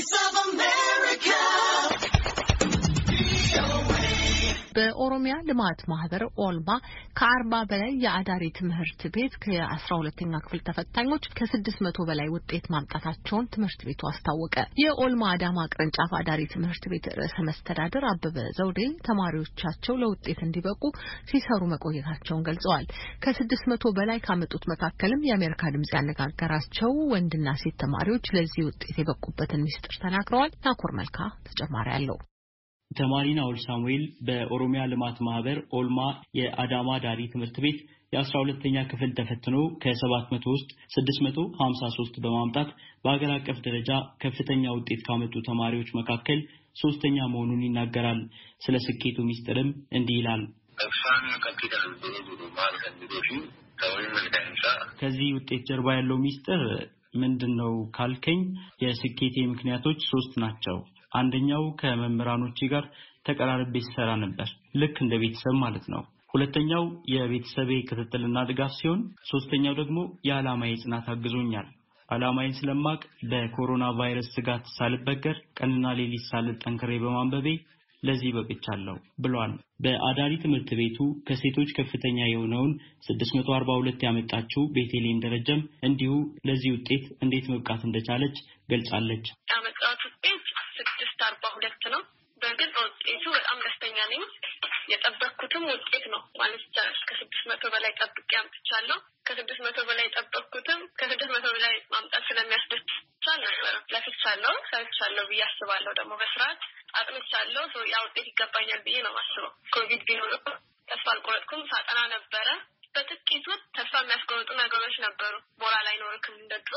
voice of የኦሮሚያ ልማት ማህበር ኦልማ ከአርባ በላይ የአዳሪ ትምህርት ቤት ከአስራ ሁለተኛ ክፍል ተፈታኞች ከስድስት መቶ በላይ ውጤት ማምጣታቸውን ትምህርት ቤቱ አስታወቀ። የኦልማ አዳማ ቅርንጫፍ አዳሪ ትምህርት ቤት ርዕሰ መስተዳደር አበበ ዘውዴ ተማሪዎቻቸው ለውጤት እንዲበቁ ሲሰሩ መቆየታቸውን ገልጸዋል። ከስድስት መቶ በላይ ካመጡት መካከልም የአሜሪካ ድምጽ ያነጋገራቸው ወንድና ሴት ተማሪዎች ለዚህ ውጤት የበቁበትን ሚስጥር ተናግረዋል። ናኮር መልካ ተጨማሪ አለው። ተማሪ ናውል ሳሙኤል በኦሮሚያ ልማት ማህበር ኦልማ የአዳማ ዳሪ ትምህርት ቤት የአስራ ሁለተኛ ክፍል ተፈትኖ ከሰባት መቶ ውስጥ ስድስት መቶ ሀምሳ ሶስት በማምጣት በሀገር አቀፍ ደረጃ ከፍተኛ ውጤት ካመጡ ተማሪዎች መካከል ሶስተኛ መሆኑን ይናገራል። ስለ ስኬቱ ሚስጥርም እንዲህ ይላል። ከዚህ ውጤት ጀርባ ያለው ሚስጥር ምንድን ነው ካልከኝ፣ የስኬቴ ምክንያቶች ሶስት ናቸው። አንደኛው ከመምህራኖቼ ጋር ተቀራርቤ ስሰራ ነበር። ልክ እንደ ቤተሰብ ማለት ነው። ሁለተኛው የቤተሰቤ ክትትልና ድጋፍ ሲሆን፣ ሶስተኛው ደግሞ የዓላማዬ ጽናት አግዞኛል። ዓላማዬን ስለማቅ በኮሮና ቫይረስ ስጋት ሳልበገር ቀንና ሌሊት ሳልል ጠንክሬ በማንበቤ ለዚህ በቅቻለሁ ብሏል። በአዳሪ ትምህርት ቤቱ ከሴቶች ከፍተኛ የሆነውን 642 ያመጣችው ቤቴሌን ደረጀም እንዲሁ ለዚህ ውጤት እንዴት መብቃት እንደቻለች ገልጻለች። በውጤቱ በጣም ደስተኛ ነኝ። የጠበቅኩትም ውጤት ነው ማለት ይቻላል። ከስድስት መቶ በላይ ጠብቄ አምጥቻለሁ። ከስድስት መቶ በላይ የጠበቅኩትም ከስድስት መቶ በላይ ማምጣት ስለሚያስደስት ነበረ ለፍቻለሁ፣ ሰርቻለሁ ብዬ አስባለሁ። ደግሞ በስርዓት አጥንቻለሁ። ያ ውጤት ይገባኛል ብዬ ነው ማስበው። ኮቪድ ቢኖር ተስፋ አልቆረጥኩም። ሳጠና ነበረ በጥቂቱ ተስፋ የሚያስቆርጡ ነገሮች ነበሩ። ሞራል ላይ እንደ ድሮ።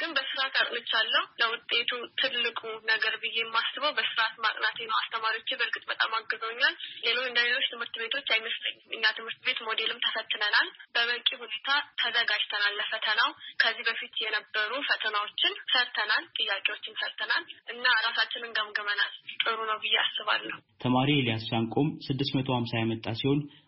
ግን በስርዓት አጥንቻለሁ። ለውጤቱ ትልቁ ነገር ብዬ የማስበው በስርዓት ማጥናቴ ነው። አስተማሪዎች በእርግጥ በጣም አግዘውኛል። ሌሎች እንደ ሌሎች ትምህርት ቤቶች አይመስለኝም። እኛ ትምህርት ቤት ሞዴልም ተፈትነናል። በበቂ ሁኔታ ተዘጋጅተናል ለፈተናው። ከዚህ በፊት የነበሩ ፈተናዎችን ሰርተናል፣ ጥያቄዎችን ሰርተናል እና ራሳችንን ገምግመናል። ጥሩ ነው ብዬ አስባለሁ። ተማሪ ኤልያስ ሻንቆም ስድስት መቶ ሀምሳ ያመጣ ሲሆን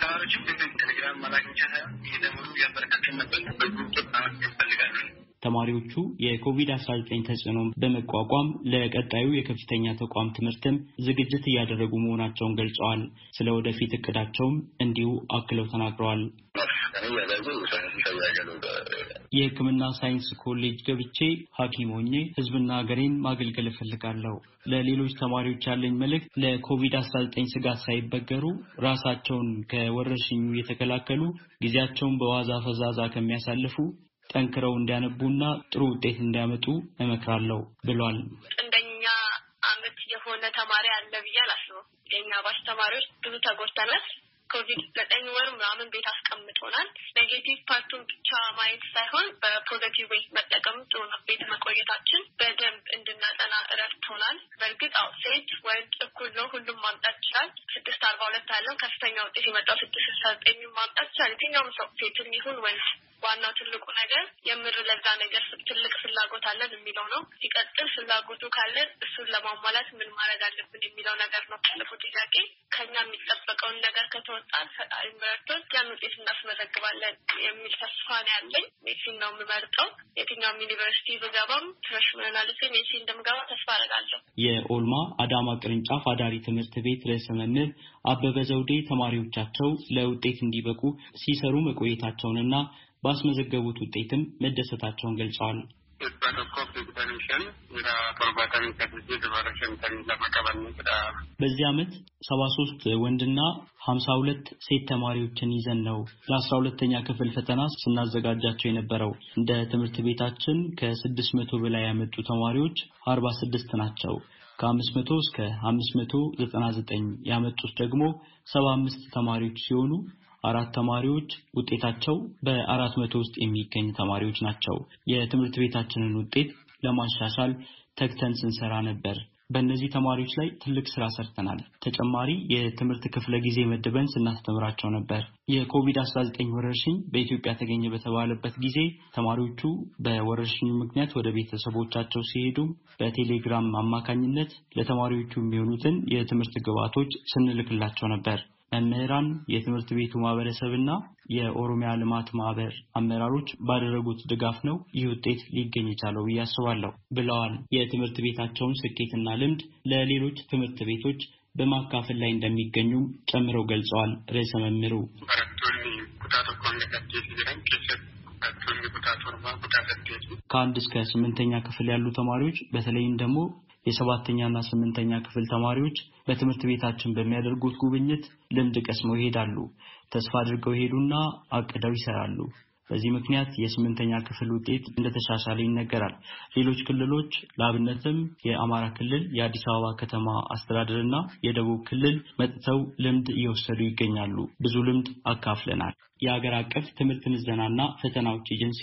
አካባቢዎችም ቴሌግራም አላገኘንም። ይህ ደግሞ ያበረካችን ነበር በግሩፕ ጣናት ያስፈልጋል ተማሪዎቹ የኮቪድ-19 ተጽዕኖ በመቋቋም ለቀጣዩ የከፍተኛ ተቋም ትምህርትም ዝግጅት እያደረጉ መሆናቸውን ገልጸዋል። ስለ ወደፊት እቅዳቸውም እንዲሁ አክለው ተናግረዋል። የሕክምና ሳይንስ ኮሌጅ ገብቼ ሐኪም ሆኜ ሕዝብና ሀገሬን ማገልገል እፈልጋለሁ። ለሌሎች ተማሪዎች ያለኝ መልእክት ለኮቪድ-19 ስጋት ሳይበገሩ ራሳቸውን ከወረርሽኙ የተከላከሉ ጊዜያቸውን በዋዛ ፈዛዛ ከሚያሳልፉ ጠንክረው እንዲያነቡና ጥሩ ውጤት እንዲያመጡ እመክራለሁ ብሏል። እንደኛ አመት የሆነ ተማሪ አለ ብዬ አላስብም። ኛ ባሽ ተማሪዎች ብዙ ተጎድተናል። ኮቪድ ዘጠኝ ወር ምናምን ቤት አስቀምጦናል። ኔጌቲቭ ፓርቱን ብቻ ማየት ሳይሆን በፖዘቲቭ ወይ መጠቀም ጥሩ ነው። ቤት መቆየታችን በደንብ እንድናጠና ረድቶናል። በእርግጥ አው ሴት ወንድ እኩል ነው፣ ሁሉም ማምጣት ይችላል። ስድስት አርባ ሁለት ያለው ከፍተኛ ውጤት የመጣው ስድስት ስልሳ ዘጠኝ ማምጣት ይችላል። የትኛውም ሰው ሴትም ይሁን ወንድ ዋናው ትልቁ ነገር የምር ለዛ ነገር ትልቅ ፍላጎት አለን የሚለው ነው። ሲቀጥል ፍላጎቱ ካለን እሱን ለማሟላት ምን ማድረግ አለብን የሚለው ነገር ነው። ትልቁ ጥያቄ ከኛ የሚጠበቀውን ነገር ከተወጣን ፈጣሪ መርቶን ያን ውጤት እናስመዘግባለን የሚል ተስፋ ነው ያለኝ። ሜሲን ነው የምመርጠው። የትኛውም ዩኒቨርሲቲ ብገባም ፍሬሽመን አልፌ ሜሲ እንደምገባ ተስፋ አደርጋለሁ። የኦልማ አዳማ ቅርንጫፍ አዳሪ ትምህርት ቤት ርዕሰ መምህር አበበ ዘውዴ ተማሪዎቻቸው ለውጤት እንዲበቁ ሲሰሩ መቆየታቸውንና ባስመዘገቡት ውጤትም መደሰታቸውን ገልጸዋል። በዚህ ዓመት ሰባ ሶስት ወንድና ሀምሳ ሁለት ሴት ተማሪዎችን ይዘን ነው ለአስራ ሁለተኛ ክፍል ፈተና ስናዘጋጃቸው የነበረው። እንደ ትምህርት ቤታችን ከስድስት መቶ በላይ ያመጡ ተማሪዎች አርባ ስድስት ናቸው። ከአምስት መቶ እስከ አምስት መቶ ዘጠና ዘጠኝ ያመጡት ደግሞ ሰባ አምስት ተማሪዎች ሲሆኑ አራት ተማሪዎች ውጤታቸው በአራት መቶ ውስጥ የሚገኝ ተማሪዎች ናቸው። የትምህርት ቤታችንን ውጤት ለማሻሻል ተግተን ስንሰራ ነበር። በእነዚህ ተማሪዎች ላይ ትልቅ ስራ ሰርተናል። ተጨማሪ የትምህርት ክፍለ ጊዜ መድበን ስናስተምራቸው ነበር። የኮቪድ-19 ወረርሽኝ በኢትዮጵያ ተገኘ በተባለበት ጊዜ ተማሪዎቹ በወረርሽኙ ምክንያት ወደ ቤተሰቦቻቸው ሲሄዱ በቴሌግራም አማካኝነት ለተማሪዎቹ የሚሆኑትን የትምህርት ግብዓቶች ስንልክላቸው ነበር። መምህራን፣ የትምህርት ቤቱ ማህበረሰብና የኦሮሚያ ልማት ማህበር አመራሮች ባደረጉት ድጋፍ ነው ይህ ውጤት ሊገኝ የቻለው ብዬ አስባለሁ ብለዋል። የትምህርት ቤታቸውን ስኬትና ልምድ ለሌሎች ትምህርት ቤቶች በማካፈል ላይ እንደሚገኙም ጨምረው ገልጸዋል። ርዕሰ መምህሩ ከአንድ እስከ ስምንተኛ ክፍል ያሉ ተማሪዎች በተለይም ደግሞ የሰባተኛና ስምንተኛ ክፍል ተማሪዎች በትምህርት ቤታችን በሚያደርጉት ጉብኝት ልምድ ቀስመው ይሄዳሉ። ተስፋ አድርገው ይሄዱና አቅደው ይሰራሉ። በዚህ ምክንያት የስምንተኛ ክፍል ውጤት እንደተሻሻለ ይነገራል። ሌሎች ክልሎች ለአብነትም የአማራ ክልል፣ የአዲስ አበባ ከተማ አስተዳደርና የደቡብ ክልል መጥተው ልምድ እየወሰዱ ይገኛሉ። ብዙ ልምድ አካፍለናል። የአገር አቀፍ ትምህርት ምዘናና ፈተናዎች ኤጀንሲ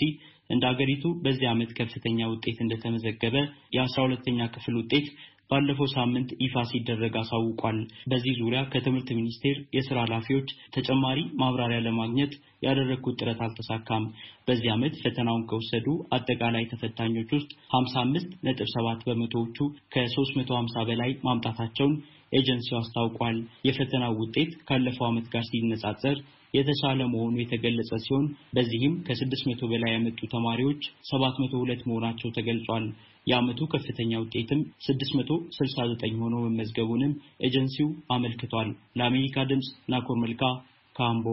እንደ አገሪቱ በዚህ ዓመት ከፍተኛ ውጤት እንደተመዘገበ የአስራ ሁለተኛ ክፍል ውጤት ባለፈው ሳምንት ይፋ ሲደረግ አሳውቋል። በዚህ ዙሪያ ከትምህርት ሚኒስቴር የስራ ኃላፊዎች ተጨማሪ ማብራሪያ ለማግኘት ያደረግኩት ጥረት አልተሳካም። በዚህ ዓመት ፈተናውን ከወሰዱ አጠቃላይ ተፈታኞች ውስጥ 55 ነጥብ 7 በመቶዎቹ ከ350 በላይ ማምጣታቸውን ኤጀንሲው አስታውቋል። የፈተናው ውጤት ካለፈው ዓመት ጋር ሲነጻጸር የተሻለ መሆኑ የተገለጸ ሲሆን በዚህም ከ600 በላይ ያመጡ ተማሪዎች 702 መሆናቸው ተገልጿል። የዓመቱ ከፍተኛ ውጤትም 669 ሆኖ መመዝገቡንም ኤጀንሲው አመልክቷል። ለአሜሪካ ድምፅ ናኮር መልካ ካምቦ